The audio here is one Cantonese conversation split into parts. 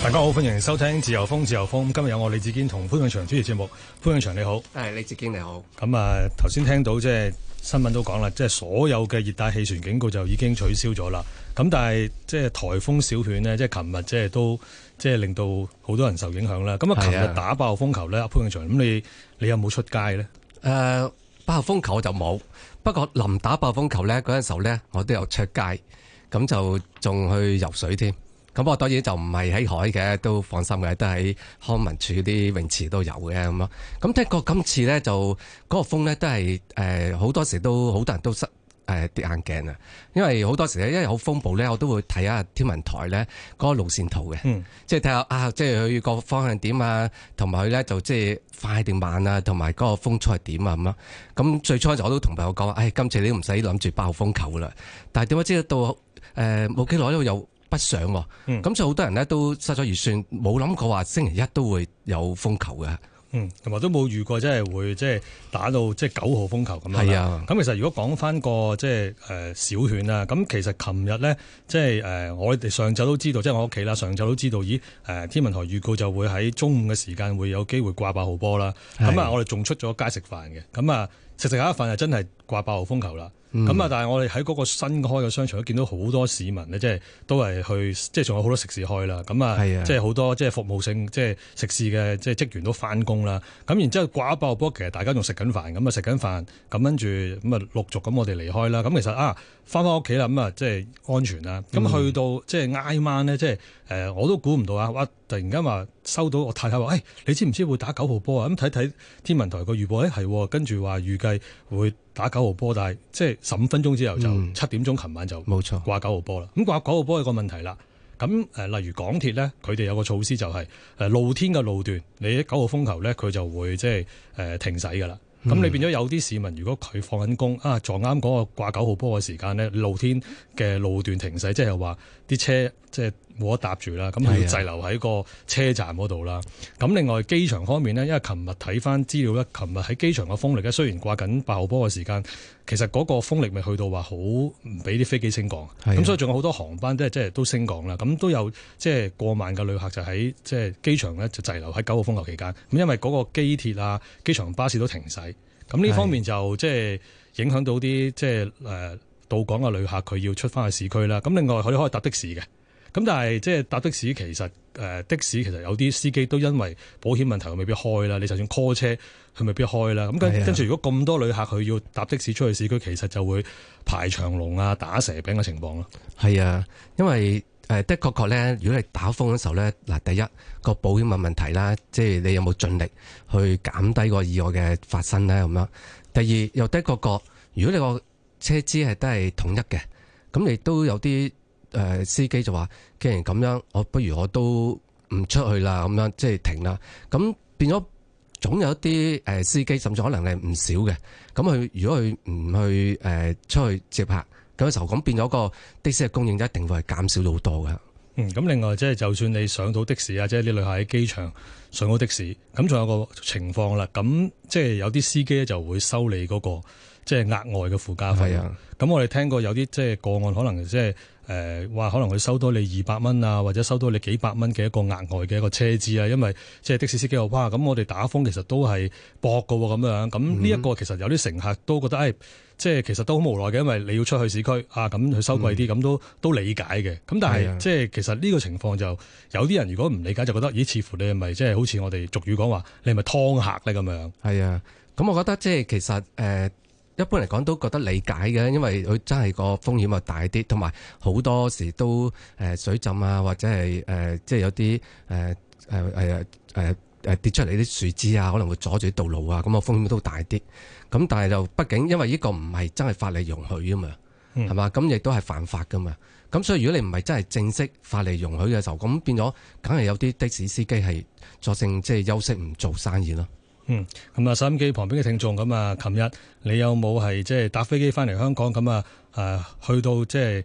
大家好，歡迎收聽自由風自由風。今日有我李志堅同潘永祥主持節目。潘永祥你好，係李志堅你好。咁啊，頭先聽到即係新聞都講啦，即、就、係、是、所有嘅熱帶氣旋警告就已經取消咗啦。咁但係即係颱風小犬呢，即係琴日即係都即係、就是、令到好多人受影響啦。咁啊，琴日打爆風球咧、啊啊，潘永祥咁你你有冇出街咧？誒、呃，爆風球就冇。不過臨打爆風球咧嗰陣時候咧，我都有出街，咁就仲去游水添。咁我當然就唔係喺海嘅，都放心嘅，都喺康文署啲泳池都有嘅咁咯。咁不過今次咧，就嗰個風咧都係誒好多時都好多人都失誒、呃、跌眼鏡啊。因為好多時咧，因為好風暴咧，我都會睇下天文台咧嗰、嗰個路線圖嘅，嗯、即係睇下啊，即係佢個方向點啊，同埋佢咧就即係快定慢啊，同埋嗰個風速係點啊，咁，咁最初我就我都同朋友講話，今次你唔使諗住暴風球啦。但係點解知道到誒冇幾耐咧又？呃不想喎、哦，咁、嗯、所以好多人呢都失咗預算，冇諗過話星期一都會有風球嘅。嗯，同埋都冇遇過真係會即係打到即係九號風球咁樣啦。咁、啊、其實如果講翻個即係小犬啦，咁其實琴日呢，即係我哋上晝都知道，即、就、係、是、我屋企啦，上晝都知道，咦，天文台預告就會喺中午嘅時間會有機會掛八號波啦。咁啊，我哋仲出咗街食飯嘅，咁啊食食下飯就真係掛八號風球啦。咁啊！嗯，但係我哋喺嗰個新開嘅商場都見到好多市民呢，即係都係去，即係仲有好多食肆開啦。咁啊，即係好多即係服務性即係食肆嘅即係職員都翻工啦。咁然之後掛爆波，其實大家仲食緊飯，咁啊食緊飯，咁跟住咁啊陸續咁我哋離開啦。咁其實啊，翻返屋企啦，咁啊即係安全啦。咁去到即係挨晚咧，即係。誒、呃，我都估唔到啊！哇，突然間話收到，我太太話，誒、哎，你知唔知會打九號波啊？咁睇睇天文台個預報咧，係跟住話預計會打九號波，但係即係十五分鐘之後就七點、嗯、鐘，琴晚就冇錯掛九號波啦。咁錯、嗯、掛九號波有個問題啦。咁、呃、例如港鐵咧，佢哋有個措施就係、是呃、露天嘅路段，你九號風球咧，佢就會即係、呃、停駛㗎啦。咁你變咗有啲市民，如果佢放緊工啊，撞啱嗰個掛九號波嘅時間咧，露天嘅路段停駛、就是，即係話啲車即係。冇得搭住啦，咁佢要滯留喺個車站嗰度啦。咁的另外機場方面呢，因為琴日睇翻資料咧，琴日喺機場個風力咧，雖然掛緊八號波嘅時間，其實嗰個風力未去到話好，唔俾啲飛機升降。咁的所以仲有好多航班都係即係都升降啦。咁都有即係過萬嘅旅客就喺即係機場咧就滯留喺九號風球期間。咁因為嗰個機鐵啊、機場巴士都停駛，咁呢方面就即係影響到啲即係誒到港嘅旅客佢要出翻去市區啦。咁另外佢可以搭的士嘅。咁但係即係搭的士，其實誒的士其實有啲司機都因為保險問題，未必開啦。你就算 call 車，佢未必開啦。咁跟跟住，如果咁多旅客佢要搭的士出去市區，其實就會排長龍啊、打蛇餅嘅情況咯。係啊，因為誒的確確咧，如果你打風嘅時候咧，嗱，第一個保險問問題啦，即係你有冇盡力去減低個意外嘅發生咧咁樣。第二又的確確，如果你個車資係都係統一嘅，咁你都有啲。誒、呃，司機就話：既然咁樣，我不如我都唔出去啦，咁樣即係停啦。咁變咗，總有一啲誒、呃、司機，甚至可能係唔少嘅。咁佢如果佢唔去誒、呃、出去接客，咁嘅時候，咁變咗個的士嘅供應，一定會係減少到好多嘅。嗯，咁另外即係、就是、就算你上到的士啊，即係啲旅客喺機場上，上到的士，咁仲有個情況啦。咁即係有啲司機咧就會收你嗰、那個即係額外嘅附加費啊。咁我哋聽過有啲即係個案，可能即、就、係、是。誒話、呃、可能佢收多你二百蚊啊，或者收多你幾百蚊嘅一個額外嘅一個車資啊，因為即係的士司機又哇！咁我哋打風其實都係搏㗎喎，咁樣咁呢一個其實有啲乘客都覺得，誒、哎，即係其實都好無奈嘅，因為你要出去市區啊，咁佢收貴啲，咁、嗯、都都理解嘅。咁但係即係其實呢個情況就有啲人如果唔理解，就覺得，咦、哎？似乎你係咪即係好似我哋俗語講話，你係咪劏客咧咁樣？係啊，咁我覺得即、就、係、是、其實、呃一般嚟講都覺得理解嘅，因為佢真係個風險又大啲，同埋好多時都誒水浸啊，或者係誒、呃、即係有啲誒誒誒誒誒跌出嚟啲樹枝啊，可能會阻住道路啊，咁啊風險都大啲。咁但係就畢竟因為呢個唔係真係法例容許啊嘛，係嘛、嗯？咁亦都係犯法噶嘛。咁所以如果你唔係真係正式法例容許嘅時候，咁變咗梗係有啲的士司機係作性，即係休息唔做生意咯。嗯，咁啊，收音機旁邊嘅聽眾，咁啊，琴日，你有冇係即係搭飛機翻嚟香港？咁啊，誒，去到即係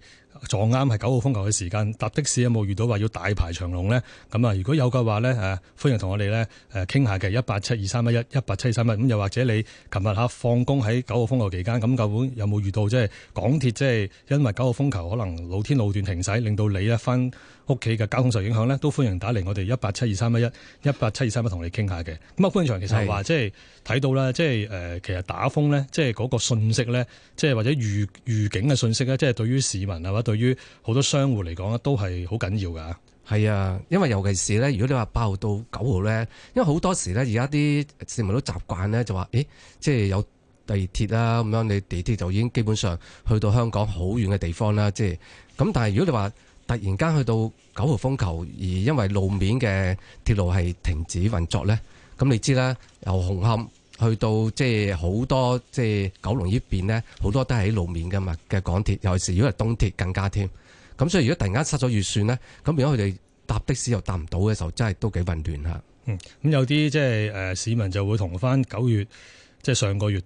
撞啱係九號風球嘅時間，搭的士有冇遇到話要大排長龍呢？咁啊，如果有嘅話呢，吓、啊、歡迎同我哋呢誒傾下嘅一八七二三一一，一八七二三一。咁又或者你琴日吓放工喺九號風球期間，咁究竟有冇遇到即係、就是、港鐵即係因為九號風球可能露天路段停駛，令到你一翻？屋企嘅交通受影響咧，都歡迎打嚟我哋一八七二三一一，一八七二三一同你傾下嘅。咁啊，潘長其實係話是即係睇到啦，即係、呃、其實打風咧，即係嗰個信息咧，即係或者預預警嘅信息咧，即係對於市民啊或者對於好多商戶嚟講咧，都係好緊要㗎。係啊，因為尤其是咧，如果你話八號到九號咧，因為好多時咧，而家啲市民都習慣咧，就話，誒，即係有地鐵啦，咁樣你地鐵就已經基本上去到香港好遠嘅地方啦。即係咁，但係如果你話，突然間去到九號風球，而因為路面嘅鐵路係停止運作咧，咁你知啦，由紅磡去到即係好多即係、就是、九龍呢邊咧，好多都係喺路面㗎嘛嘅港鐵，尤其是如果係東鐵更加添。咁所以如果突然間失咗預算咧，咁如果佢哋搭的士又搭唔到嘅時候，真係都幾混亂吓。嗯，咁有啲即係誒市民就會同翻九月，即、就、係、是、上個月。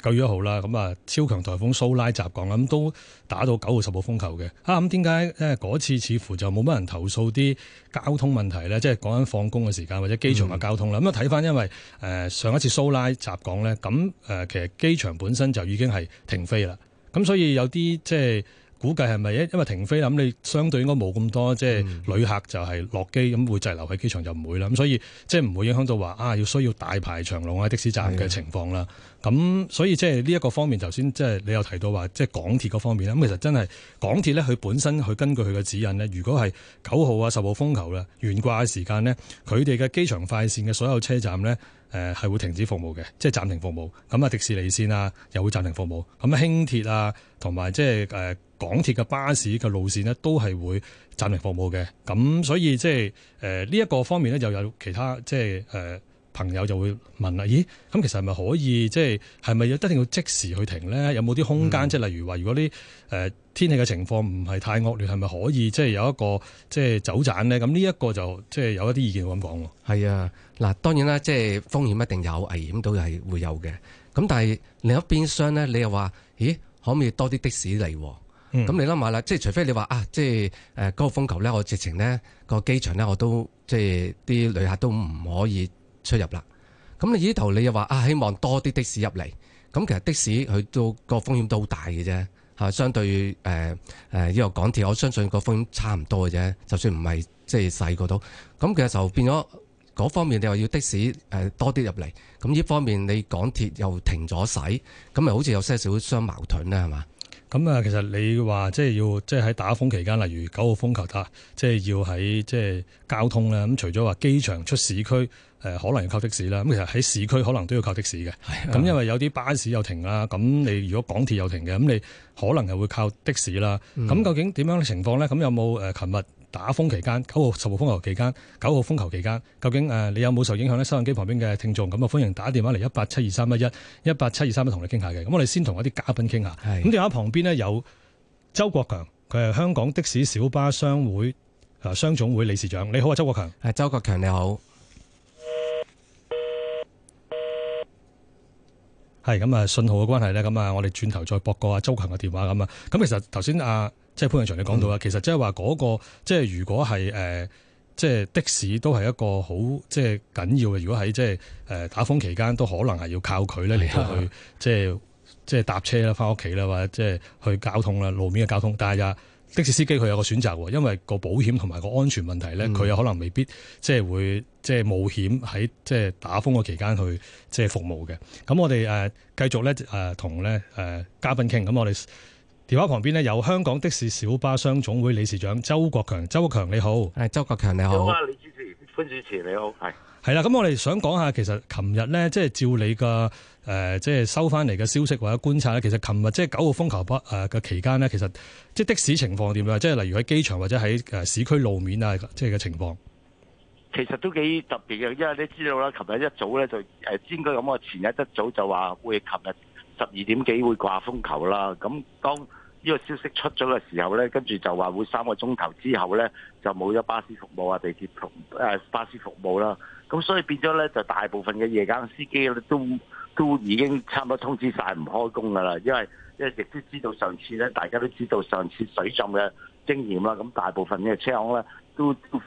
九月一號啦，咁啊超強颱風蘇拉襲港，咁都打到九號十號風球嘅。啊，咁點解咧？嗰次似乎就冇乜人投訴啲交通問題咧，即係講緊放工嘅時間或者機場嘅交通啦。咁啊睇翻，因為誒上一次蘇拉襲港咧，咁誒其實機場本身就已經係停飛啦。咁所以有啲即係估計係咪因因為停飛，咁你相對應該冇咁多即係、嗯、旅客就係落機咁會滯留喺機場就唔會啦。咁所以即係唔會影響到話啊要需要大排長龍啊的士站嘅情況啦。咁所以即係呢一個方面，頭先即係你又提到話，即係港鐵嗰方面，咁其實真係港鐵咧，佢本身佢根據佢嘅指引呢，如果係九號啊十號風球啦，懸掛嘅時間呢，佢哋嘅機場快線嘅所有車站呢，誒係會停止服務嘅，即係暫停服務。咁啊，迪士尼線啊，又會暫停服務。咁輕鐵啊，同埋即係誒港鐵嘅巴士嘅路線呢，都係會暫停服務嘅。咁所以即係誒呢一個方面呢，又有其他即係誒。朋友就會問啦，咦，咁其實係咪可以即係係咪有一定要即時去停咧？有冇啲空間？即係、嗯、例如話，如果啲誒天氣嘅情況唔係太惡劣，係咪可以即係有一個即係、就是、走盞咧？咁呢一個就即係、就是、有一啲意見，我咁講喎。係啊，嗱，當然啦，即、就、係、是、風險一定有，危險都係會有嘅。咁但係另一邊箱咧，你又話：咦，可唔可以多啲的士嚟？咁、嗯、你諗下啦，即係除非你話啊，即係誒嗰個風球咧，我直情咧個機場咧，我都即係啲旅客都唔可以。出入啦，咁你呢頭你又話啊，希望多啲的士入嚟，咁其實的士佢都個風險都大嘅啫，吓，相對誒誒，因、呃呃、港鐵我相信個風險差唔多嘅啫，就算唔係即係細嗰度，咁其實就變咗嗰方面你話要的士誒多啲入嚟，咁呢方面你港鐵又停咗使，咁咪好似有些少相矛盾咧，係嘛？咁啊，其實你話即係要即係喺打風期間，例如九號風球打，即係要喺即係交通咧。咁除咗話機場出市區，可能要靠的士啦。咁其實喺市區可能都要靠的士嘅。咁的因為有啲巴士又停啦，咁你如果港鐵又停嘅，咁你可能係會靠的士啦。咁、嗯、究竟點樣嘅情況咧？咁有冇琴日？打風期間、九號十號風球期間、九號風球期間，究竟誒你有冇受影響呢？收音機旁邊嘅聽眾，咁啊歡迎打電話嚟一八七二三一一一八七二三一同你傾下嘅。咁我哋先同一啲嘉賓傾下。係。咁電話旁邊呢，有周國強，佢係香港的士小巴商會商總會理事長。你好啊，周國強。誒，周國強你好。是係咁啊，信號嘅關係咧，咁啊，我哋轉頭再駁個阿周強嘅電話咁啊。咁其實頭先阿即係潘永祥你講到啊，嗯、其實即係話嗰個即係如果係即係的士都係一個好即係緊要嘅。如果喺即係打風期間，都可能係要靠佢咧嚟到去即係即係搭車啦，翻屋企啦，或者即係去交通啦，路面嘅交通，但係啊。的士司機佢有個選擇喎，因為個保險同埋個安全問題呢，佢有、嗯、可能未必即係會即係冒險喺即係打風嘅期間去即係服務嘅。咁我哋誒繼續呢，誒同呢誒嘉賓傾。咁我哋電話旁邊呢，有香港的士小巴商總會理事長周國強，周國強你好，誒周國強你好。潘主持你好，係係啦，咁我哋想講下，其實琴日咧，即係照你嘅、誒、呃，即係收翻嚟嘅消息或者觀察咧，其實琴日即係九號風球不誒嘅期間咧，其實即係的士情況點樣啊？即係例如喺機場或者喺誒市區路面啊，即係嘅情況，其實都幾特別嘅，因為你知道啦，琴日一早咧就誒，應該咁我前日一早就話會琴日十二點幾會掛風球啦，咁當。呢個消息出咗嘅時候呢，跟住就話會三個鐘頭之後呢，就冇咗巴士服務啊、地鐵服、啊、巴士服務啦。咁所以變咗呢，就大部分嘅夜間司機都都已經差唔多通知晒唔開工噶啦，因為因為亦都知道上次呢，大家都知道上次水浸嘅經驗啦。咁大部分嘅車行呢，都都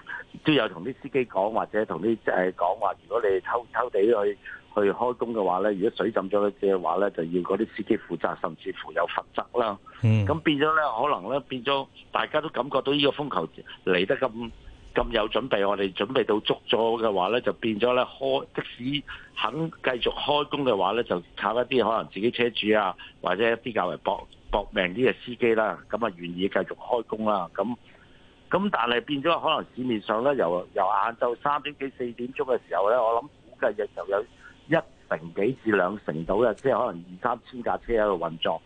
都有同啲司機講，或者同啲即係講話，如果你偷偷地去。去開工嘅話咧，如果水浸咗一隻嘅話咧，就要嗰啲司機負責，甚至乎有罰則啦。咁、嗯、變咗咧，可能咧變咗，大家都感覺到呢個風球嚟得咁咁有準備，我哋準備到足咗嘅話咧，就變咗咧開，即使肯繼續開工嘅話咧，就靠一啲可能自己車主啊，或者一啲較為搏搏命啲嘅司機啦、啊，咁啊願意繼續開工啦、啊。咁咁，那但係變咗可能市面上咧，由由晏晝三點幾四點鐘嘅時候咧，我諗估計日又有。一成幾至兩成到嘅，即係可能二三千架車喺度運作。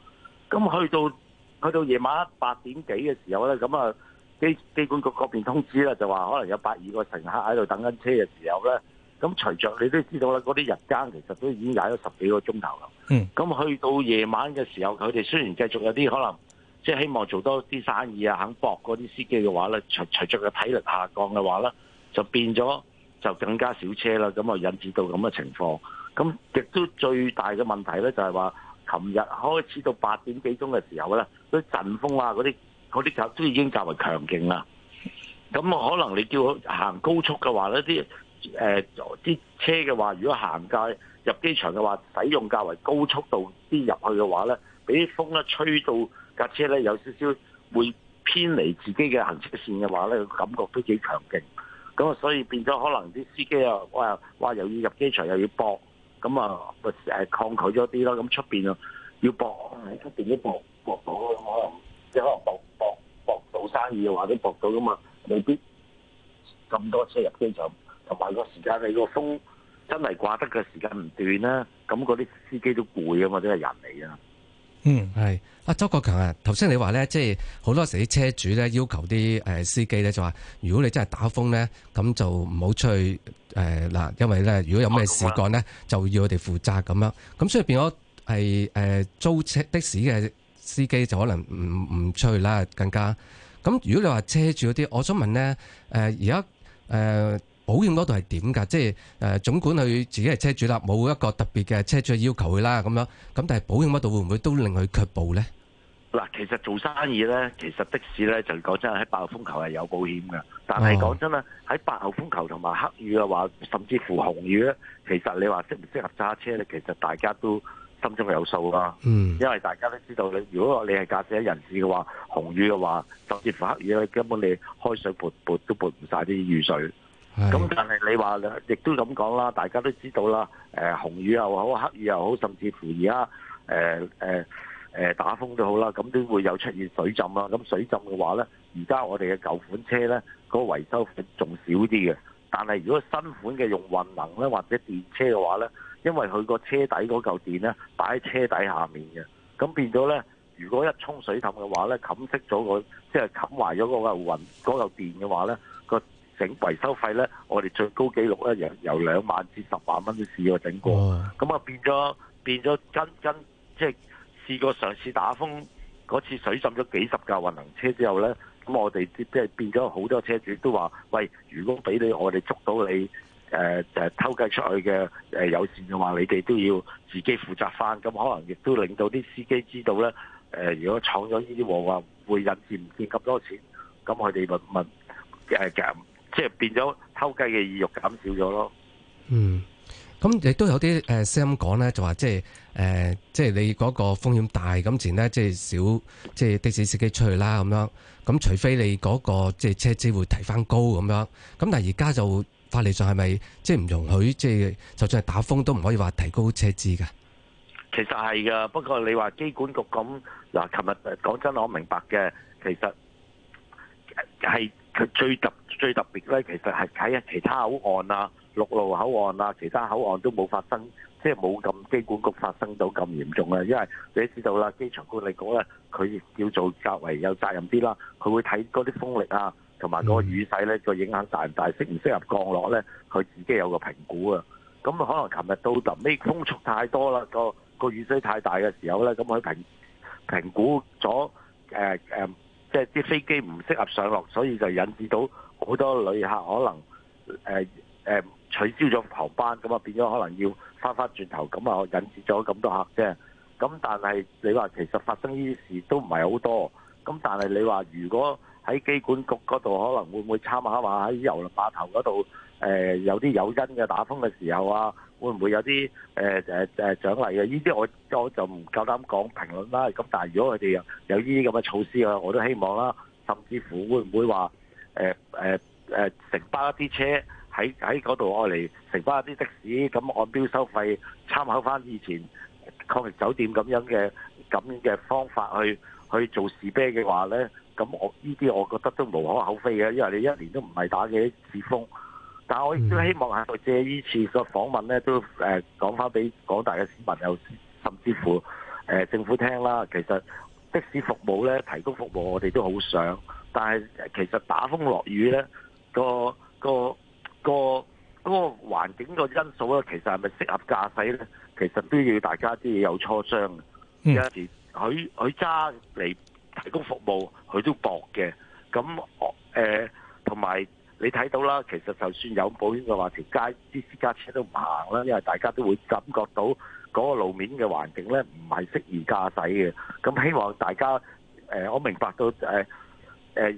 咁去到去到夜晚八點幾嘅時候咧，咁啊機機管局嗰邊通知啦，就話可能有百二個乘客喺度等緊車嘅時候咧。咁隨着你都知道啦，嗰啲日間其實都已經踩咗十幾個鐘頭啦。咁去到夜晚嘅時候，佢哋雖然繼續有啲可能，即係希望做多啲生意啊，肯搏嗰啲司機嘅話咧，隨隨著佢體力下降嘅話咧，就變咗。就更加少車啦，咁啊引致到咁嘅情況。咁亦都最大嘅問題咧，就係話，琴日開始到八點幾鐘嘅時候咧，嗰啲陣風啊，嗰啲嗰啲都已經較為強勁啦。咁可能你叫我行高速嘅話咧，啲誒啲車嘅話，如果行街入機場嘅話，使用較為高速度啲入去嘅話咧，俾啲風咧吹到架車咧，有少少會偏離自己嘅行車線嘅話咧，那個、感覺都幾強勁。咁啊，所以變咗可能啲司機啊，哇哇又要入機場又要搏，咁啊咪抗拒咗啲咯。咁出面，啊要搏，喺出面都搏搏到咁可能即係可能搏搏搏到生意嘅話，都搏到咁，嘛。未必咁多車入機場，同埋個時間你個風真係掛得嘅時間唔短啦。咁嗰啲司機都攰啊嘛，都係人嚟啊。嗯，係啊，周國強啊，頭先你話咧，即係好多時啲車主咧要求啲誒司機咧就話，如果你真係打風咧，咁就唔好出去誒，嗱、呃，因為咧如果有咩事幹咧，就要我哋負責咁樣，咁所以變咗係誒租車的士嘅司機就可能唔唔出去啦，更加咁如果你話車主嗰啲，我想問咧誒而家誒。呃保險嗰度係點㗎？即係誒總管佢自己係車主啦，冇一個特別嘅車主要求佢啦，咁樣咁，但係保險嗰度會唔會都令佢卻步咧？嗱，其實做生意咧，其實的士咧就講真喺八號風球係有保險嘅，但係講真啦，喺、哦、八號風球同埋黑雨嘅話，甚至乎紅雨咧，其實你話適唔適合揸車咧，其實大家都心中有數啦。嗯，因為大家都知道你如果你係駕駛人士嘅話，紅雨嘅話，甚至乎黑雨咧，根本你開水撥撥都撥唔晒啲雨水。咁是但係你話亦都咁講啦，大家都知道啦，誒、呃、紅雨又好，黑雨又好，甚至乎而家誒誒誒打風都好啦，咁都會有出現水浸啦。咁水浸嘅話咧，而家我哋嘅舊款車咧，個維修仲少啲嘅。但係如果新款嘅用混能咧，或者電車嘅話咧，因為佢個車底嗰嚿電咧，擺喺車底下面嘅，咁變咗咧，如果一沖水氹嘅話咧，冚熄咗個，即係冚壞咗嗰嚿混嗰嚿電嘅話咧。整維修費咧，我哋最高紀錄咧由由兩萬至十萬蚊都試過整過，咁啊變咗變咗跟跟即係試過上次打風嗰次水浸咗幾十架運能車之後咧，咁我哋即係變咗好多車主都話：，喂，如果俾你我哋捉到你誒、呃、偷計出去嘅誒有線嘅話，你哋都要自己負責返。咁可能亦都令到啲司機知道咧誒、呃，如果闖咗呢啲禍話，會引致唔見咁多錢，咁佢哋問問誒即係變咗偷雞嘅意欲減少咗咯。嗯，咁亦都有啲誒聲音講咧，就話即係誒，即、呃、係、就是、你嗰個風險大，咁前呢即係少即係的士司機出去啦咁樣。咁除非你嗰、那個即係、就是、車資會提翻高咁樣。咁但係而家就法例上係咪即係唔容許？即係就算係打風都唔可以話提高車資嘅。其實係嘅，不過你話機管局咁嗱，琴日講真，我明白嘅，其實係佢最特。最特別咧，其實係睇下其他口岸啊、陸路口岸啊，其他口岸都冇發生，即係冇咁機管局發生到咁嚴重啊。因為你知道啦，機場管理局咧，佢叫做較為有責任啲啦，佢會睇嗰啲風力啊，同埋嗰個雨勢咧，個影響大唔大，適唔適合降落咧，佢自己有個評估啊。咁可能琴日到臨尾風速太多啦，個個雨勢太大嘅時候咧，咁佢評評估咗、呃、即係啲飛機唔適合上落，所以就引致到。好多旅客可能誒誒、呃呃、取消咗航班，咁啊變咗可能要翻返轉頭，咁啊引致咗咁多客啫。咁但係你話其實發生呢啲事都唔係好多。咁但係你話如果喺機管局嗰度可能會唔會參考話喺遊輪碼頭嗰度誒有啲有因嘅打風嘅時候啊，會唔會有啲誒誒誒獎勵嘅、啊？呢啲我我就唔夠膽講評論啦。咁但係如果佢哋有呢啲咁嘅措施啊，我都希望啦，甚至乎會唔會話，誒誒誒，承包一啲車喺喺嗰度愛嚟承包一啲的士，咁按標收費，參考翻以前抗疫酒店咁樣嘅咁嘅方法去去做士啤嘅話咧，咁我呢啲我覺得都無可厚非嘅，因為你一年都唔係打幾次風，但係我亦都希望喺度借呢次個訪問咧，都誒、呃、講翻俾廣大嘅市民又甚至乎誒、呃、政府聽啦，其實。的士服務咧，提供服務我哋都好想，但係其實打風落雨咧，嗰個、嗰個個嗰、嗰個環境個因素咧，其實係咪適合駕駛咧？其實都要大家啲嘢有磋商嘅。有時佢佢揸嚟提供服務，佢都搏嘅。咁誒，同、呃、埋你睇到啦，其實就算有保險嘅話，條街啲私家車都唔行啦，因為大家都會感覺到。嗰個路面嘅環境呢，唔係適宜駕駛嘅。咁希望大家，呃、我明白到、呃呃、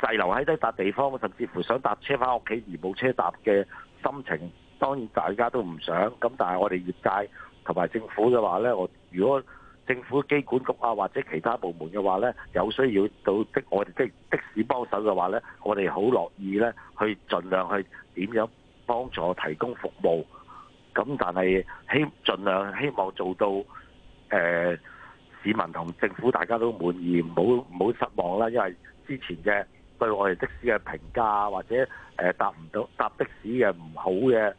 滯留喺呢笪地方，甚至乎想搭車翻屋企而冇車搭嘅心情，當然大家都唔想。咁但係我哋業界同埋政府嘅話呢，我如果政府機管局啊或者其他部門嘅話呢，有需要到的我哋即、就是、的士幫手嘅話呢，我哋好樂意呢，去盡量去點樣幫助提供服務。咁但係希儘量希望做到，誒市民同政府大家都滿意，唔好唔好失望啦。因為之前嘅對我哋的士嘅評價，或者誒搭唔到搭的士嘅唔好嘅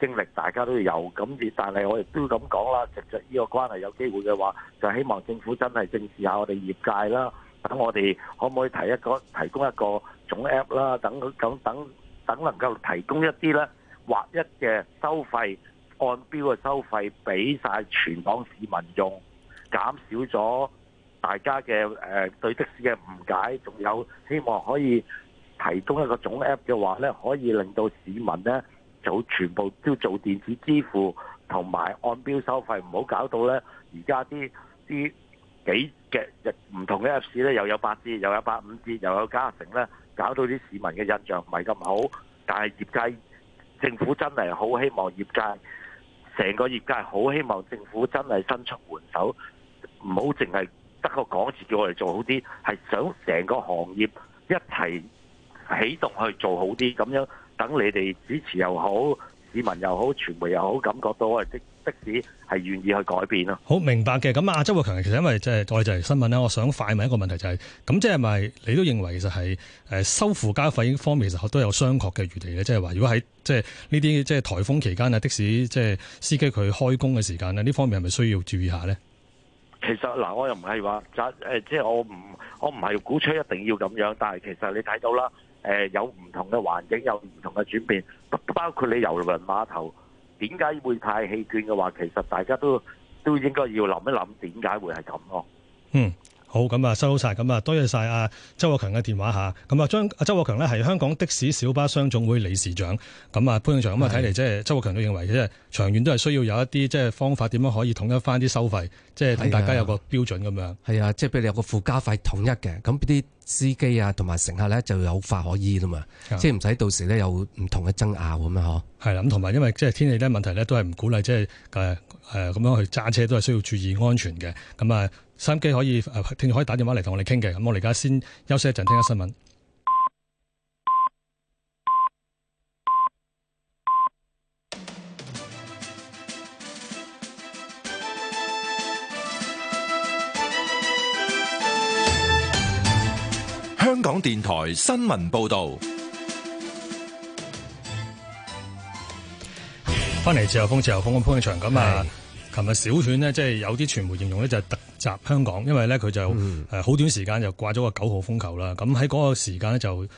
經歷，大家都有。咁但係我亦都咁講啦，其實呢個關係有機會嘅話，就希望政府真係正視下我哋業界啦。等我哋可唔可以提一個提供一個總 App 啦？等等等等能夠提供一啲呢劃一嘅收費。按標嘅收費俾曬全港市民用，減少咗大家嘅誒對的士嘅誤解。仲有希望可以提供一個總 App 嘅話呢，可以令到市民呢做全部都做電子支付同埋按標收費，唔好搞到呢，而家啲啲幾嘅唔同嘅 Apps 呢，又有八折又有八五折又有加成呢，搞到啲市民嘅印象唔係咁好，但係業界政府真係好希望業界。成個業界好希望政府真係伸出援手，唔好淨係得個講字叫我哋做好啲，係想成個行業一齊起動去做好啲，咁樣等你哋支持又好，市民又好，傳媒又好，感覺到我哋的。的士係願意去改變咯。好明白嘅，咁啊，周國強，其實因為即係我哋就係、是、新聞咧，我想快問一個問題、就是，就係咁，即係咪你都認為其實係誒收附加費方面其實都有商榷嘅餘地咧？即係話，如果喺即係呢啲即係颱風期間啊，的士即係司機佢開工嘅時間咧，呢方面係咪需要注意下呢？其實嗱，我又唔係話誒即係我唔我唔係鼓吹一定要咁樣，但係其實你睇到啦，誒有唔同嘅環境，有唔同嘅轉變，包括你遊輪碼頭。點解會太氣憤嘅話，其實大家都都應該要諗一諗點解會係咁咯。嗯。好咁啊，收好晒咁啊，多謝晒啊，周國強嘅電話吓。咁啊，張周國強呢係香港的士小巴商總會理事長。咁啊，潘永祥咁啊，睇嚟即係周國強都認為，即係長遠都係需要有一啲即係方法，點樣可以統一翻啲收費，即係等大家有個標準咁樣。係啊的，即係畀你有個附加費統一嘅，咁啲司機啊同埋乘客咧就有法可依啦嘛的，即係唔使到時呢有唔同嘅爭拗咁啊嗬。係、呃、啦，咁同埋因為即係天氣呢問題呢都係唔鼓勵即係誒誒咁樣去揸車，都係需要注意安全嘅。咁啊。三機可以誒，聽眾可以打電話嚟同我哋傾偈。咁我哋而家先休息一陣，聽下新聞。香港電台新聞報道。翻嚟自由風，自由風嘅潘永祥。咁啊，琴日的小犬呢，即係有啲傳媒形容呢，就係特襲香港，因為咧佢就誒好短時間就掛咗個九號風球啦。咁喺嗰個時間咧就誒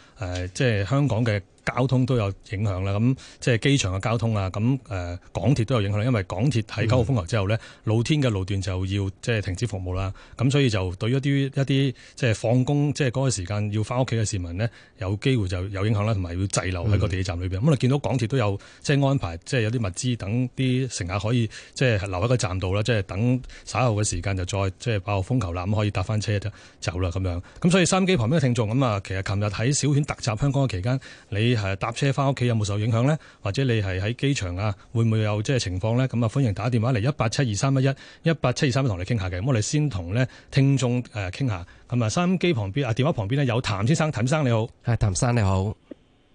即係香港嘅交通都有影響啦。咁即係機場嘅交通啊，咁誒、呃、港鐵都有影響啦。因為港鐵喺九號風球之後咧，露天嘅路段就要即係停止服務啦。咁所以就對於一啲一啲即係放工即係嗰個時間要翻屋企嘅市民咧，有機會就有影響啦，同埋要滯留喺個地鐵站裏邊，咁啊、嗯、見到港鐵都有即係、就是、安排，即、就、係、是、有啲物資等啲乘客可以即係留喺個站度啦，即、就、係、是、等稍後嘅時間就再。即係暴風球啦，咁可以搭翻車就走啦咁樣。咁所以收音機旁邊嘅聽眾，咁啊，其實琴日喺小犬突襲香港嘅期間，你係搭車翻屋企有冇受影響咧？或者你係喺機場啊，會唔會有即係情況咧？咁啊，歡迎打電話嚟一八七二三一一一八七二三一同你哋傾下嘅。咁我哋先同咧聽眾誒傾下。咁啊，收音機旁邊啊，電話旁邊咧有譚先生，譚生你好，係譚生你好，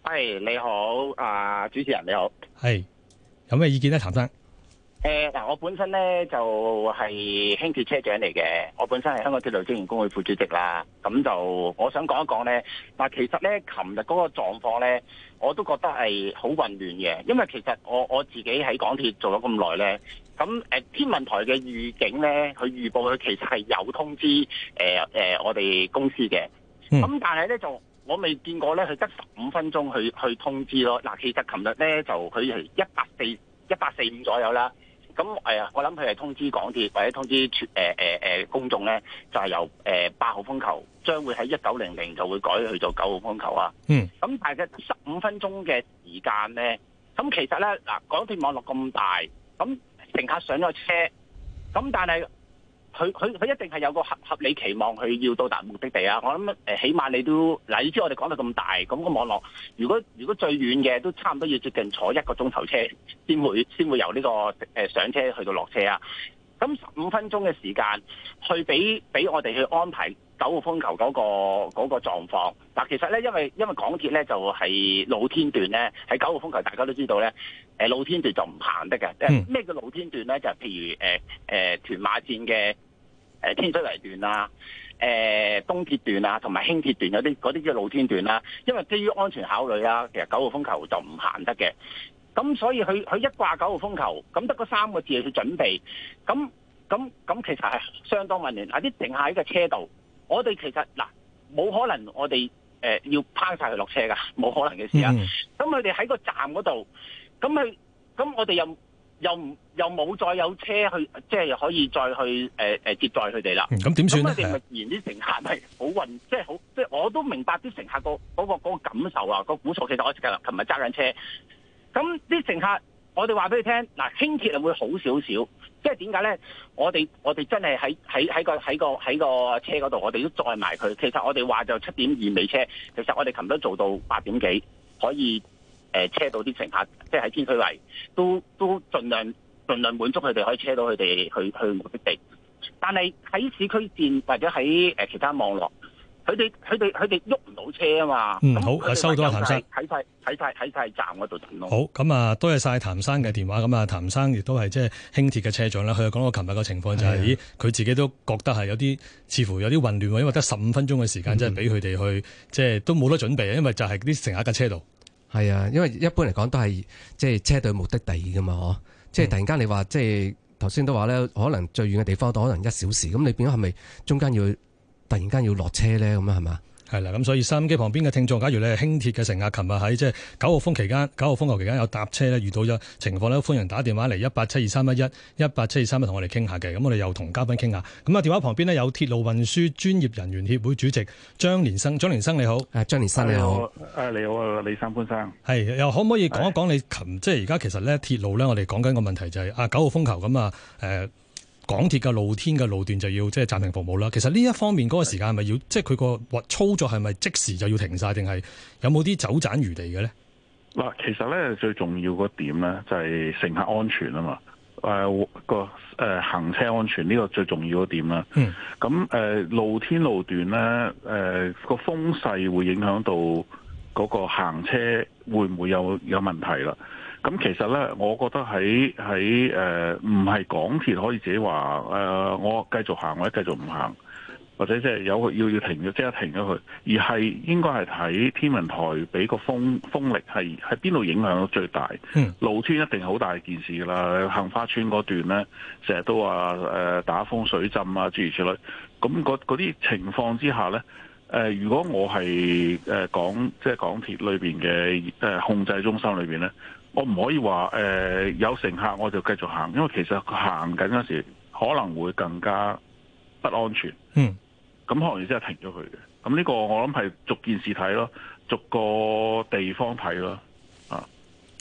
係、hey, 你好，啊主持人你好，係、hey, 有咩意見呢？譚生？誒嗱、呃，我本身咧就係、係、輕鐵車長嚟嘅，我本身係香港鐵路職員工會副主席啦。咁就我想講一講咧，嗱，其實咧，琴日嗰個狀況咧，我都覺得係好混亂嘅，因為其實我我自己喺港鐵做咗咁耐咧，咁、呃、天文台嘅預警咧，佢預報佢其實係有通知誒、呃呃、我哋公司嘅，咁但係咧就我未見過咧，佢得十五分鐘去去通知咯。嗱、呃，其實琴日咧就佢係一百四、一百四五左右啦。咁誒、呃，我諗佢係通知港鐵或者通知全誒、呃呃、公眾咧，就係、是、由誒八、呃、號風球將會喺一九零零就會改去做九號風球啊。嗯，咁大概十五分鐘嘅時間咧，咁其實咧嗱、啊，港鐵網絡咁大，咁乘客上咗車，咁但係。佢佢佢一定係有個合合理期望，佢要到達目的地啊！我諗誒，起碼你都嗱，你知我哋講到咁大，咁個網絡，如果如果最遠嘅都差唔多要接近坐一個鐘頭車先會先會由呢個、呃、上車去到落車啊！咁十五分鐘嘅時間，去俾俾我哋去安排。九號風球嗰、那個嗰、那個狀況，但其實咧，因為因為港鐵咧就係、是、露天段咧，喺九號風球，大家都知道咧，誒露天段就唔行得嘅。咩、嗯、叫露天段咧？就係、是、譬如誒誒、呃呃、屯馬綫嘅誒、呃、天水圍段啊，誒東鐵段啊，同埋輕鐵段有啲嗰啲叫露天段啦、啊。因為基於安全考慮啊，其實九號風球就唔行得嘅。咁所以佢佢一掛九號風球，咁得個三個字去準備，咁咁咁其實係相當混亂，啲停喺個車度。我哋其實嗱，冇可能我哋誒、呃、要拋晒佢落車噶，冇可能嘅事啊！咁佢哋喺個站嗰度，咁佢咁我哋又又唔又冇再有車去，即係可以再去誒、呃、接載佢哋啦。咁點算咧？咁佢哋咪嫌啲乘客咪好運，即係好即係我都明白啲乘客、個嗰、個嗰、個感受啊！個估數其實我最琴日揸緊車，咁啲乘客。我哋話俾你聽，嗱輕鐵係會好少少，即係點解咧？我哋我哋真係喺喺喺個喺個喺個車嗰度，我哋都載埋佢。其實我哋話就七點二尾車，其實我哋琴日都做到八點幾，可以誒、呃、車到啲乘客，即係喺天水圍都都盡量盡量滿足佢哋，可以車到佢哋去去目的地。但係喺市區線或者喺誒其他網絡。佢哋佢哋佢哋喐唔到車啊嘛。嗯！好，收到啊，譚生，喺晒，喺晒，喺曬站嗰度等咯。好咁啊，多謝晒譚生嘅電話。咁、嗯、啊，譚生亦都係即係輕鐵嘅車長啦。佢講到琴日嘅情況就係，咦，佢自己都覺得係有啲似乎有啲混亂喎，因為得十五分鐘嘅時間，即係俾佢哋去，即係都冇得準備啊，因為就係啲乘客嘅車度。係啊，因為一般嚟講都係即係車到目的地噶嘛，即係突然間你話、嗯、即係頭先都話咧，可能最遠嘅地方都可能一小時。咁你變咗係咪中間要？突然間要落車咧，咁啊係嘛？係啦，咁所以收音機旁邊嘅聽眾，假如你係輕鐵嘅乘客，琴日喺即係九號風期間、九號風球期間有搭車咧，遇到咗情況咧，歡迎打電話嚟一八七二三一一一八七二三一，同我哋傾下嘅。咁我哋又同嘉賓傾下。咁啊，電話旁邊呢，有鐵路運輸專業人員協會主席張年生，張年生你好，誒、啊，張年生你好，誒、啊，你好啊，李生潘生，係又可唔可以講一講你？琴的即係而家其實咧鐵路咧，我哋講緊個問題就係啊九號風球咁啊，誒、呃。港鐵嘅露天嘅路段就要即係暫停服務啦。其實呢一方面嗰個時間係咪要即係佢個或操作係咪即時就要停晒，定係有冇啲走盞餘地嘅咧？嗱，其實咧最重要個點咧就係乘客安全啊嘛，誒個誒行車安全呢個最重要嘅點啦。嗯。咁誒露天路段咧，誒個風勢會影響到嗰個行車會唔會有有問題啦？咁其實咧，我覺得喺喺誒，唔係、呃、港鐵可以自己話、呃、我繼續，行，我繼續行，或者繼續唔行，或者即係有要要停，就即刻停咗佢，而係應該係睇天文台俾個風風力係喺邊度影響到最大。露天一定好大件事啦。杏花村嗰段咧，成日都話、呃、打風水浸啊，諸如此類。咁嗰啲情況之下咧，誒、呃、如果我係誒、呃、港即係港鐵裏面嘅、呃、控制中心裏面咧。我唔可以話誒、呃、有乘客我就繼續行，因為其實行緊嗰時候可能會更加不安全。嗯，咁可能真係停咗佢嘅。咁呢個我諗係逐件事睇咯，逐個地方睇咯。啊，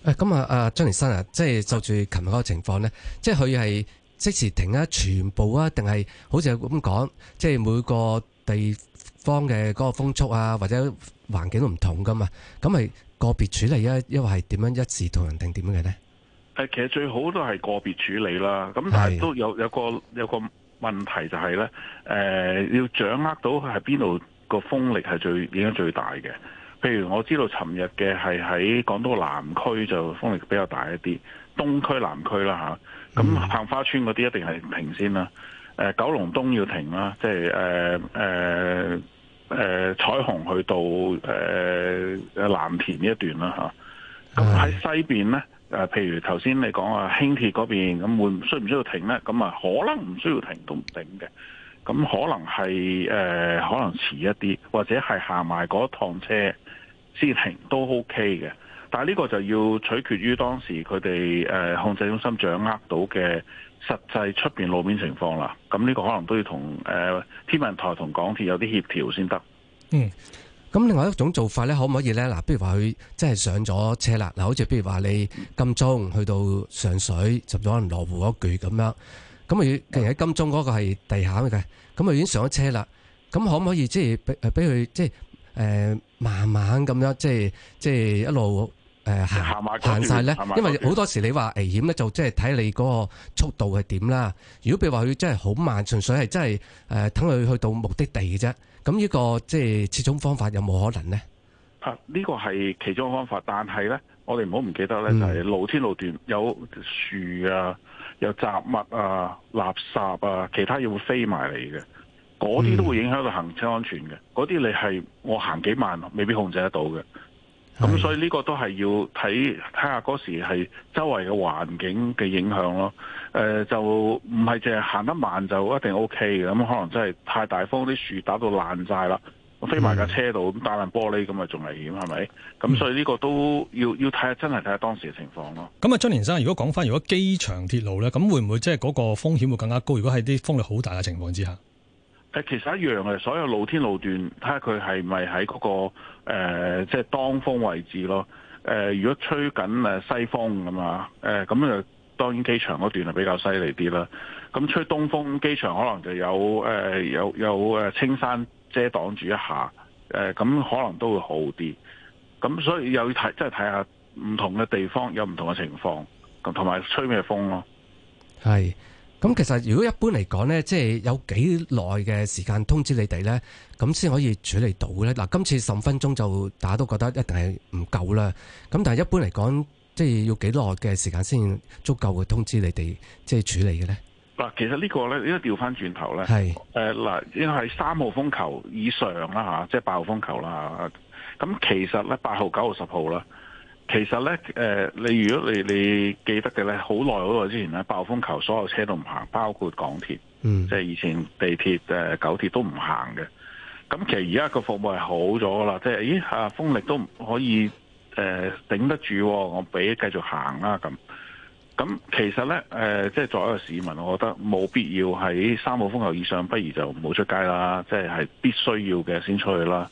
誒、啊，咁啊啊張年生啊，即係就住琴日嗰個情況咧，即係佢係即時停啊，全部啊，定係好似係咁講，即係每個地方嘅嗰個風速啊，或者環境都唔同㗎嘛，咁咪個別處理啊，因為係點樣一視同仁定點嘅呢？誒，其實最好都係個別處理啦。咁但係都有有個有個問題就係、是、呢，誒、呃、要掌握到佢係邊度個風力係最影響最大嘅。譬如我知道尋日嘅係喺港島南區就風力比較大一啲，東區、南區啦吓，咁杏花村嗰啲一定係停先啦。嗯誒、呃、九龍東要停啦，即係誒誒誒彩虹去到誒誒、呃、藍田呢一段啦嚇，咁喺西邊咧，誒、呃、譬如頭先你講話輕鐵嗰邊，咁會需唔需要停咧？咁啊可能唔需要停都唔定嘅。咁可能係誒、呃、可能遲一啲，或者係行埋嗰一趟車先停都 OK 嘅。但係呢個就要取決於當時佢哋誒控制中心掌握到嘅。實際出面路面情況啦，咁呢個可能都要同誒天文台同港鐵有啲協調先得。嗯，咁另外一種做法咧，可唔可以咧？嗱，譬如話佢即係上咗車啦，嗱，好似譬如話你金鐘去到上水，就可能羅湖嗰句咁樣。咁佢其實喺金鐘嗰個係地下㗎，咁佢已經上咗車啦。咁可唔可以即係俾俾佢即係誒慢慢咁樣，即係即係一路？誒，行晒咧，因為好多時你話危險咧，就即係睇你嗰個速度係點啦。如果譬如話佢真係好慢，純粹係真係誒等佢去到目的地嘅啫。咁呢、這個即係始終方法有冇可能呢？啊、呢、這個係其中方法，但係咧，我哋唔好唔記得咧，嗯、就係露天路段有樹啊、有雜物啊、垃圾啊，其他嘢會飛埋嚟嘅，嗰啲都會影響個行車安全嘅。嗰啲你係我行幾慢，未必控制得到嘅。咁是所以呢個都係要睇睇下嗰時係周圍嘅環境嘅影響咯。誒、呃，就唔係淨係行得慢就一定 OK 嘅，咁可能真係太大風啲樹打到爛晒啦，飛埋架車度，咁、嗯、打爛玻璃咁啊，仲危險，係咪？咁所以呢個都要要睇下真係睇下當時嘅情況咯。咁啊、嗯，張年生，如果講翻如果機場鐵路咧，咁會唔會即係嗰個風險會更加高？如果喺啲風力好大嘅情況之下？誒其實一樣嘅，所有露天路段，睇下佢係咪喺嗰個誒，即係、呃就是、當風位置咯。誒、呃，如果吹緊誒西風咁啊，誒、呃、咁就當然機場嗰段就比較犀利啲啦。咁吹東風，機場可能就有誒、呃、有有誒青山遮擋住一下，誒、呃、咁可能都會好啲。咁所以又要睇，即係睇下唔同嘅地方有唔同嘅情況，咁同埋吹咩風咯。係。咁其實如果一般嚟講咧，即係有幾耐嘅時間通知你哋咧，咁先可以處理到咧。嗱，今次十五分鐘就大家都覺得一定係唔夠啦。咁但係一般嚟講，即係要幾耐嘅時間先足夠嘅通知你哋即係處理嘅咧？嗱，其實呢個咧呢個調翻轉頭咧。係誒，嗱，應該係三號風球以上啦嚇，即係八號風球啦。咁其實咧，八號、九號、十號啦。其實咧，誒、呃，你如果你你記得嘅咧，好耐好耐之前咧，暴風球所有車都唔行，包括港鐵，嗯，即係以前地鐵、呃、九鐵都唔行嘅。咁其實而家個服務係好咗啦，即係咦嚇、啊、風力都可以誒頂、呃、得住、哦，我俾繼續行啦咁。咁其實咧，誒、呃，即係作為一個市民，我覺得冇必要喺三號風球以上，不如就唔好出街啦。即係係必須要嘅先出去啦。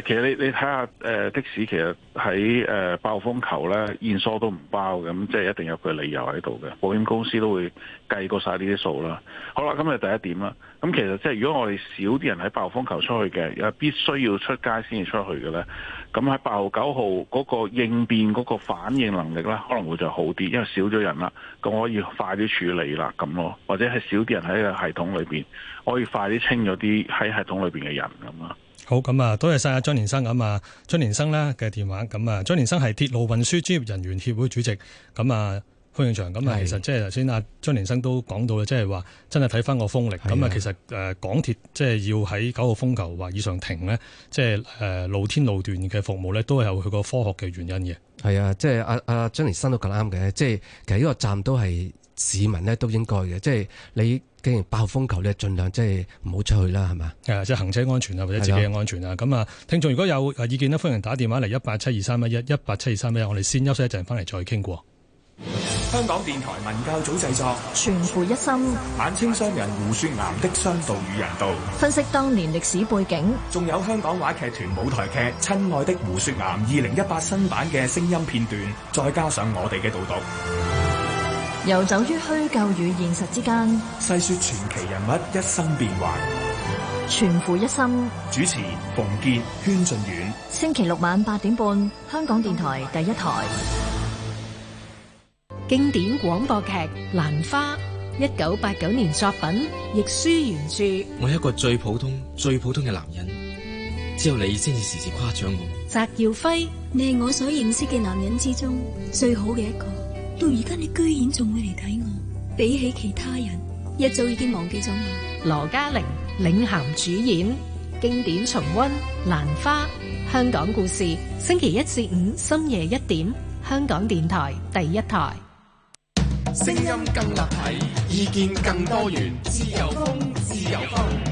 誒，其實你你睇下，誒，的士其實喺誒暴風球咧，煙疏都唔包咁，即係一定有佢理由喺度嘅。保險公司都會計過晒呢啲數啦。好啦，咁係第一點啦。咁其實即係如果我哋少啲人喺暴風球出去嘅，又必須要出街先至出去嘅咧，咁喺八號九號嗰個應變嗰個反應能力咧，可能會就好啲，因為少咗人啦，咁可以快啲處理啦，咁咯，或者係少啲人喺個系統裏面，可以快啲清咗啲喺系統裏面嘅人咁。好咁啊！多謝晒阿張年生咁啊，張年生啦嘅電話咁啊，張年生係鐵路運輸專業人員協會主席咁啊，歡迎長咁啊，的其實即係頭先阿張年生都講到咧，即係話真係睇翻個風力咁啊，的其實誒港鐵即係要喺九號風球或以上停呢，即係誒露天路段嘅服務呢，都係有佢個科學嘅原因嘅。係啊，即係阿阿張年生都咁啱嘅，即係其實呢個站都係。市民呢，都應該嘅，即係你既然暴風球呢，儘量即係唔好出去啦，係嘛？係啊，即係行車安全啊，或者自己嘅安全啊。咁啊的，聽眾如果有啊意見咧，歡迎打電話嚟一八七二三一一一八七二三一，我哋先休息一陣，翻嚟再傾過。香港電台文教組製作《全副一心》，晚清商人胡雪岩的商道與人道，分析當年歷史背景。仲有香港話劇團舞台劇《親愛的胡雪岩2018》二零一八新版嘅聲音片段，再加上我哋嘅導讀。遊走於虛構與現實之間，細說傳奇人物一生變幻，全乎一心。主持馮圈：馮杰、軒進遠。星期六晚八點半，香港電台第一台經典廣播劇《蘭花》，一九八九年作品，亦舒原著。我係一個最普通、最普通嘅男人，只有你先至時時誇獎我。翟耀輝，你係我所認識嘅男人之中最好嘅一個。到而家你居然仲會嚟睇我，比起其他人，一早已經忘記咗我。羅嘉玲領銜主演，經典重溫《蘭花》，香港故事，星期一至五深夜一點，香港電台第一台，聲音更立體，意見更多元，自由風，自由風。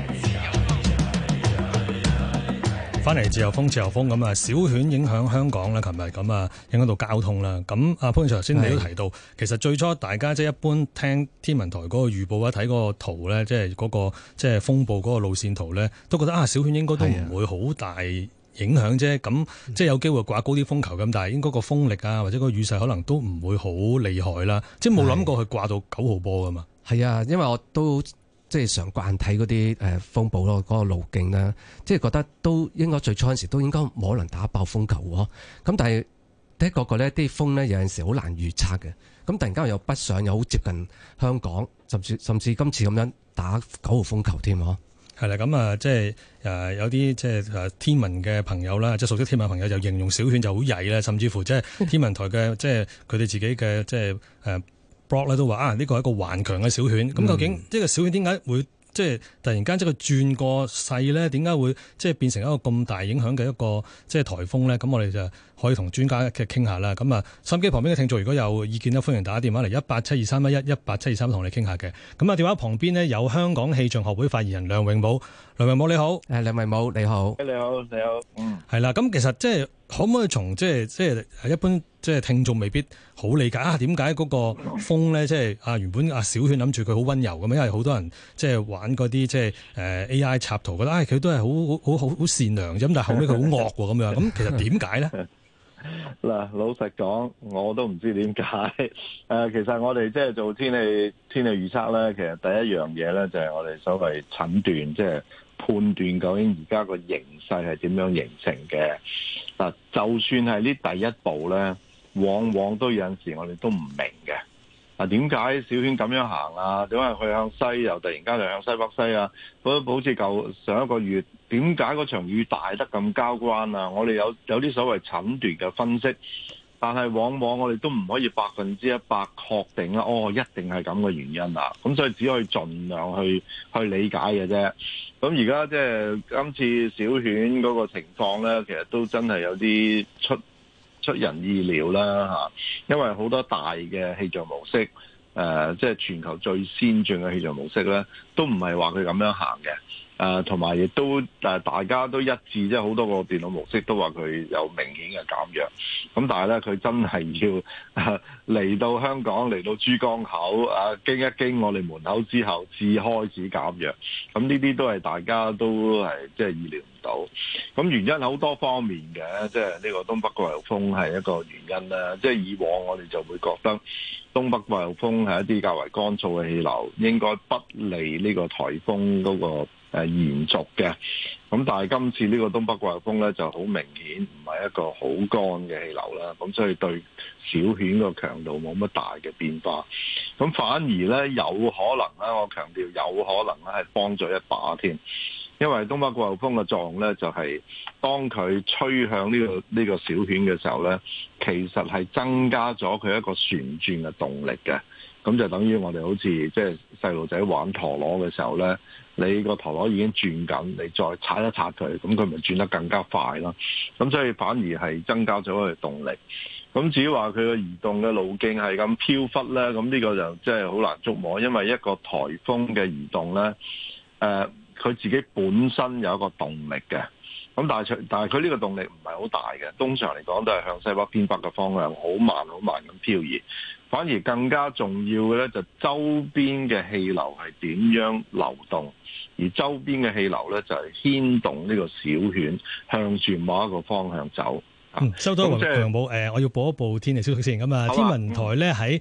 翻嚟自由風，自由風咁啊！小犬影響香港喇，琴日咁啊，影響到交通啦。咁阿潘 Sir 頭先你都提到，的其實最初大家即係一般聽天文台嗰個預報啊，睇嗰個圖咧，即係嗰個即係風暴嗰個路線圖咧，都覺得啊，小犬應該都唔會好大影響啫。咁的即係有機會掛高啲風球咁，但係應該個風力啊，或者個雨勢可能都唔會好厲害啦。即係冇諗過去掛到九號波噶嘛。係啊，因為我都。即係常慣睇嗰啲誒風暴咯，嗰個路徑啦，即係覺得都應該最初嗰時都應該冇可能打暴風球喎。咁但係的確個呢啲風呢，有陣時好難預測嘅。咁突然間又北上，又好接近香港，甚至甚至今次咁樣打九號風球添喎。係啦，咁啊，即係誒有啲即係天文嘅朋友啦，即係熟悉天文嘅朋友就形容小犬就好曳咧，甚至乎即係天文台嘅 即係佢哋自己嘅即係誒。呃都話啊，呢個係一個頑強嘅小犬。咁、嗯、究竟呢個小犬點解會即係突然間即係轉過勢咧？點解會即係變成一個咁大影響嘅一個即係颱風咧？咁我哋就～可以同專家嘅傾下啦，咁啊收音機旁邊嘅聽眾如果有意見都歡迎打電話嚟一八七二三一一一八七二三同你傾下嘅，咁啊電話旁邊呢，有香港氣象學會發言人梁榮武。梁榮武你好，誒梁榮武你好，誒你好你好，嗯，係啦，咁其實即係可唔可以從即係即係一般即係聽眾未必好理解啊，點解嗰個風咧即係啊原本啊小犬諗住佢好溫柔咁，因為好多人即係玩嗰啲即係誒 AI 插圖覺得誒佢都係好好好好善良咁，但係後尾佢好惡喎咁樣，咁其實點解咧？ 嗱，老實講，我都唔知點解。誒，其實我哋即係做天氣天氣預測咧，其實第一樣嘢咧就係我哋所謂診斷，即係判斷究竟而家個形勢係點樣形成嘅。嗱，就算係呢第一步咧，往往都有陣時我哋都唔明嘅。啊，點解小犬咁樣行啊？點解佢向西又突然間就向西北西啊？好似舊上一個月，點解嗰場雨大得咁交關啊？我哋有有啲所謂診斷嘅分析，但係往往我哋都唔可以百分之一百確定啊。哦，一定係咁嘅原因啊。咁所以只可以盡量去去理解嘅啫。咁而家即係今次小犬嗰個情況呢，其實都真係有啲出。出人意料啦，吓！因為好多大嘅氣象模式，誒、呃，即係全球最先進嘅氣象模式咧，都唔係話佢咁樣行嘅。誒，同埋亦都誒，大家都一致，即係好多個電腦模式都話佢有明顯嘅減弱。咁但係咧，佢真係要嚟到香港，嚟到珠江口啊，經一經我哋門口之後，至開始減弱。咁呢啲都係大家都係即係意料唔到。咁原因好多方面嘅，即係呢個東北季候風係一個原因啦。即係以往我哋就會覺得東北季候風係一啲較為乾燥嘅氣流，應該不利呢個颱風嗰、那個。誒，延續嘅，咁但係今次呢個東北季候風呢，就好明顯唔係一個好乾嘅氣流啦，咁所以對小犬個強度冇乜大嘅變化，咁反而呢，有可能咧，我強調有可能咧係幫咗一把添，因為東北季候風嘅作用呢，就係當佢吹向呢個呢個小犬嘅時候呢，其實係增加咗佢一個旋轉嘅動力嘅，咁就等於我哋好似即係細路仔玩陀螺嘅時候呢。你個陀螺已經轉緊，你再踩一踩佢，咁佢咪轉得更加快咯？咁所以反而係增加咗佢動力。咁至於話佢嘅移動嘅路徑係咁飄忽咧，咁呢個就真係好難捉摸，因為一個颱風嘅移動咧，誒、呃，佢自己本身有一個動力嘅。咁但係但係佢呢個動力唔係好大嘅，通常嚟講都係向西北偏北嘅方向好慢好慢咁漂移。反而更加重要嘅咧，就周邊嘅氣流係點樣流動，而周邊嘅氣流咧，就係牽動呢個小犬向住某一個方向走。嗯，收到梁榮武誒、呃，我要播一報天氣消息先。咁啊，天文台咧喺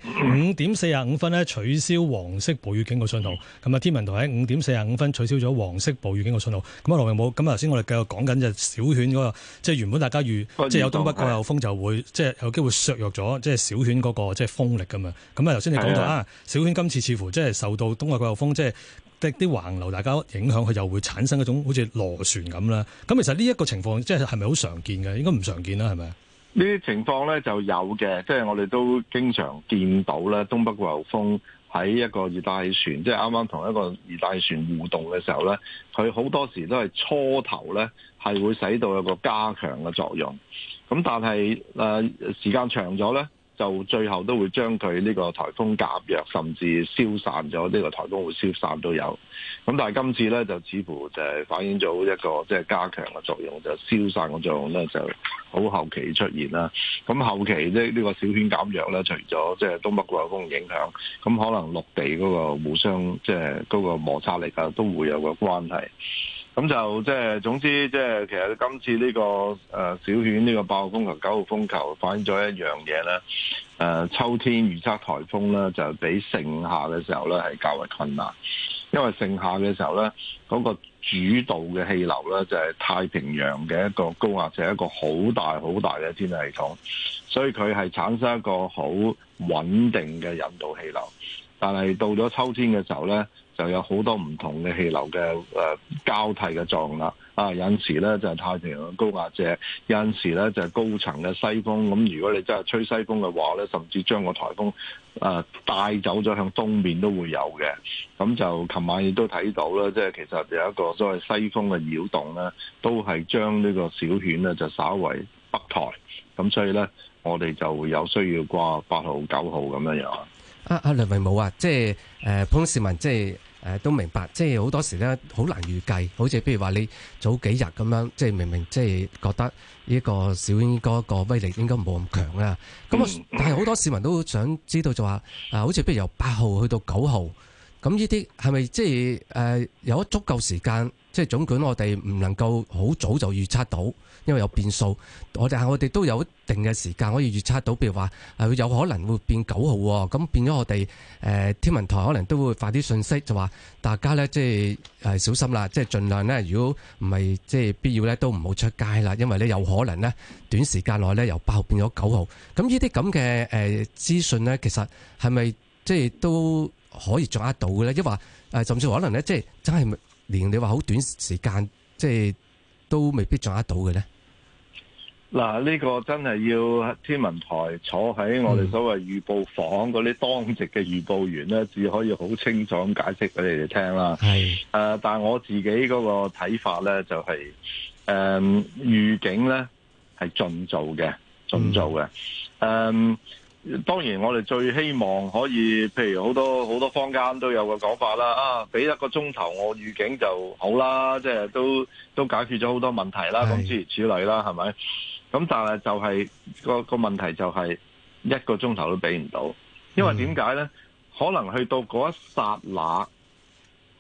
五點四十五分咧取消黃色暴雨警告信號。咁啊、嗯，天文台喺五點四十五分取消咗黃色暴雨警告信號。咁啊，梁榮武，咁啊，頭先我哋繼續講緊就小犬嗰，那個，即係原本大家預鐘即係有東北季候風就會、哎、即係有機會削弱咗即係小犬嗰，那個即係風力噶嘛。咁啊，頭先你講到啊，小犬今次似乎即係受到東北季候風即係。就是啲啲橫流，大家影響佢又會產生一種好似螺旋咁啦。咁其實呢一個情況，即係係咪好常見嘅？應該唔常見啦，係咪？呢啲情況咧就有嘅，即係我哋都經常見到啦。東北季候風喺一個熱帶氣旋，即係啱啱同一個熱帶氣旋互動嘅時候咧，佢好多時都係初頭咧，係會使到一個加強嘅作用。咁但係誒、呃、時間長咗咧。就最後都會將佢呢個颱風減弱，甚至消散咗。呢個颱風會消散都有。咁但係今次呢，就似乎就係反映咗一個即係加強嘅作用，就消散嘅作用咧就好後期出現啦。咁後期呢呢個小犬減弱呢，除咗即係東北季候風影響，咁可能陸地嗰個互相即係嗰個摩擦力啊，都會有個關係。咁就即係，總之即係，其實今次呢個誒小犬呢個八號風球、九號風球，反映咗一樣嘢咧。誒，秋天預測颱風咧，就比盛夏嘅時候咧係較為困難，因為盛夏嘅時候咧，嗰個主導嘅氣流咧就係太平洋嘅一個高壓，就係一個好大好大嘅天氣系統，所以佢係產生一個好穩定嘅引導氣流。但係到咗秋天嘅時候咧。就有好多唔同嘅氣流嘅誒、呃、交替嘅作用啊！有陣時咧就係、是、太平洋嘅高壓脊，有陣時咧就係、是、高層嘅西風。咁如果你真係吹西風嘅話咧，甚至將個颱風誒、呃、帶走咗向東面都會有嘅。咁就琴晚亦都睇到啦，即係其實有一個所謂西風嘅擾動咧，都係將呢個小犬咧就稍為北抬。咁所以咧，我哋就會有需要掛八號、九號咁樣樣。阿阿梁榮武啊，即係誒普通市民即係。誒、呃、都明白，即係好多時咧，好難預計。好似譬如話，你早幾日咁樣，即係明明即係覺得呢個小犬嗰個威力應該冇咁強啦。咁啊，但係好多市民都想知道就話，啊，好似譬如由八號去到九號，咁呢啲係咪即係誒、呃、有足夠時間？即係總管我哋唔能夠好早就預測到？因為有變數，我哋我哋都有一定嘅時間可以預測到，譬如話有可能會變九號喎，咁變咗我哋天文台可能都會發啲信息，就話大家咧即係小心啦，即係儘量咧，如果唔係即係必要咧，都唔好出街啦，因為咧有可能咧短時間內咧由八號變咗九號，咁呢啲咁嘅誒資訊咧，其實係咪即係都可以掌握到嘅咧？抑或誒甚至可能咧，即係真係連你話好短時間即係都未必掌握到嘅咧。嗱，呢個真係要天文台坐喺我哋所謂預報房嗰啲當值嘅預報員咧，至可以好清楚咁解釋佢哋哋聽啦。是呃、但係我自己嗰個睇法咧，就係誒預警咧係盡做嘅，盡做嘅。誒、嗯呃，當然我哋最希望可以，譬如好多好多坊間都有個講法啦，啊，俾一個鐘頭我預警就好啦，即係都都解決咗好多問題啦，咁諸如此理啦，係咪？咁但係就係個個問題就係一個鐘頭都俾唔到，因為點解呢？可能去到嗰一剎那，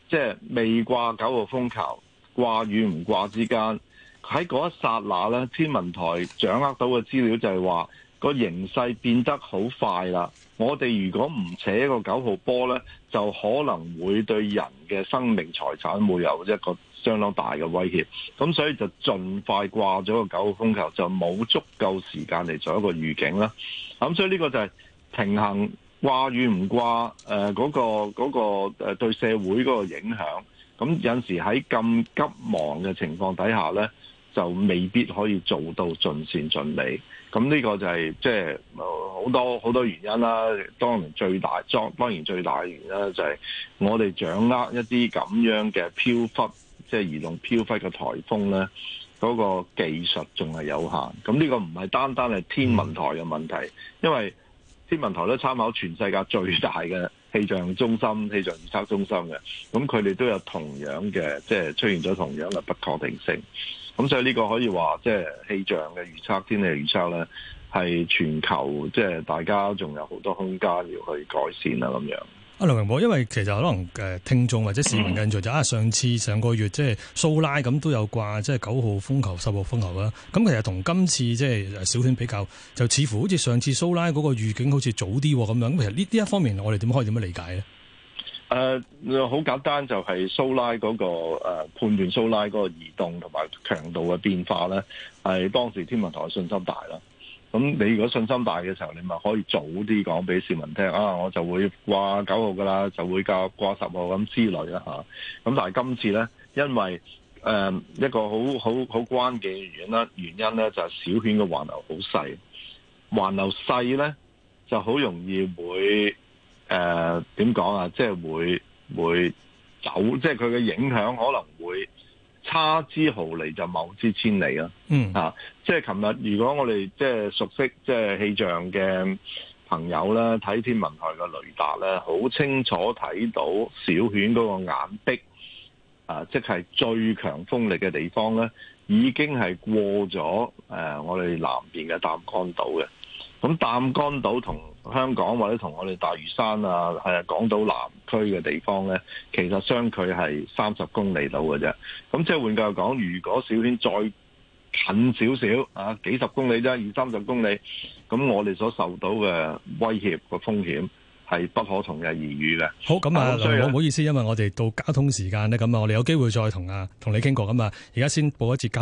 即係未掛九號風球，掛與唔掛之間，喺嗰一剎那呢，天文台掌握到嘅資料就係話個形勢變得好快啦。我哋如果唔扯一個九號波呢，就可能會對人嘅生命財產會有一個相當大嘅威脅。咁所以就盡快掛咗個九號風球，就冇足夠時間嚟做一個預警啦。咁所以呢個就係平衡掛與唔掛誒嗰個嗰個誒對社會嗰個影響。咁有時喺咁急忙嘅情況底下呢，就未必可以做到盡善盡美。咁呢個就係即係好多好多原因啦。當然最大，當然最大原因就係我哋掌握一啲咁樣嘅飄忽，即係移動飄忽嘅颱風呢，嗰個技術仲係有限。咁呢個唔係單單係天文台嘅問題，嗯、因為天文台都參考全世界最大嘅氣象中心、氣象預測中心嘅。咁佢哋都有同樣嘅，即係出現咗同樣嘅不確定性。咁所以呢個可以話，即係氣象嘅預測、天氣預測咧，係全球即係、就是、大家仲有好多空間要去改善啦咁樣。阿梁榮武，因為其實可能誒聽眾或者市民嘅印象就是嗯、啊，上次上個月即係蘇拉咁都有掛，即係九號風球、十號風球啦。咁其實同今次即係小犬比較，就似乎好似上次蘇拉嗰個預警好似早啲咁樣。其實呢啲一方面，我哋點可以點樣理解咧？誒，好、呃、簡單就係蘇拉嗰、那個誒、呃、判斷蘇拉嗰個移動同埋強度嘅變化咧，係當時天文台信心大啦。咁你如果信心大嘅時候，你咪可以早啲講俾市民聽啊，我就會掛九號噶啦，就會教掛十號咁之類啦吓。咁、啊、但係今次咧，因為誒、呃、一個好好好關鍵嘅原因啦，原因咧就係、是、小犬嘅環流好細，環流細咧就好容易會。誒，點講、呃、啊？即係會會走，即係佢嘅影響可能會差之毫厘就謬之千里啦、啊。嗯啊，即係琴日，如果我哋即係熟悉即係氣象嘅朋友咧，睇天文台嘅雷達咧，好清楚睇到小犬嗰個眼壁啊，即係最強風力嘅地方咧，已經係過咗誒、呃、我哋南邊嘅擔桿島嘅。咁擔桿島同香港或者同我哋大嶼山啊，係啊，港島南區嘅地方咧，其實相距係三十公里到嘅啫。咁即係換句話講，如果小犬再近少少啊，幾十公里啫，二三十公里，咁我哋所受到嘅威脅個風險係不可同日而語嘅。好，咁啊，唔、嗯、唔好意思，因為我哋到交通時間咧，咁啊，我哋有機會再同啊同你傾過，咁啊。而家先報一次。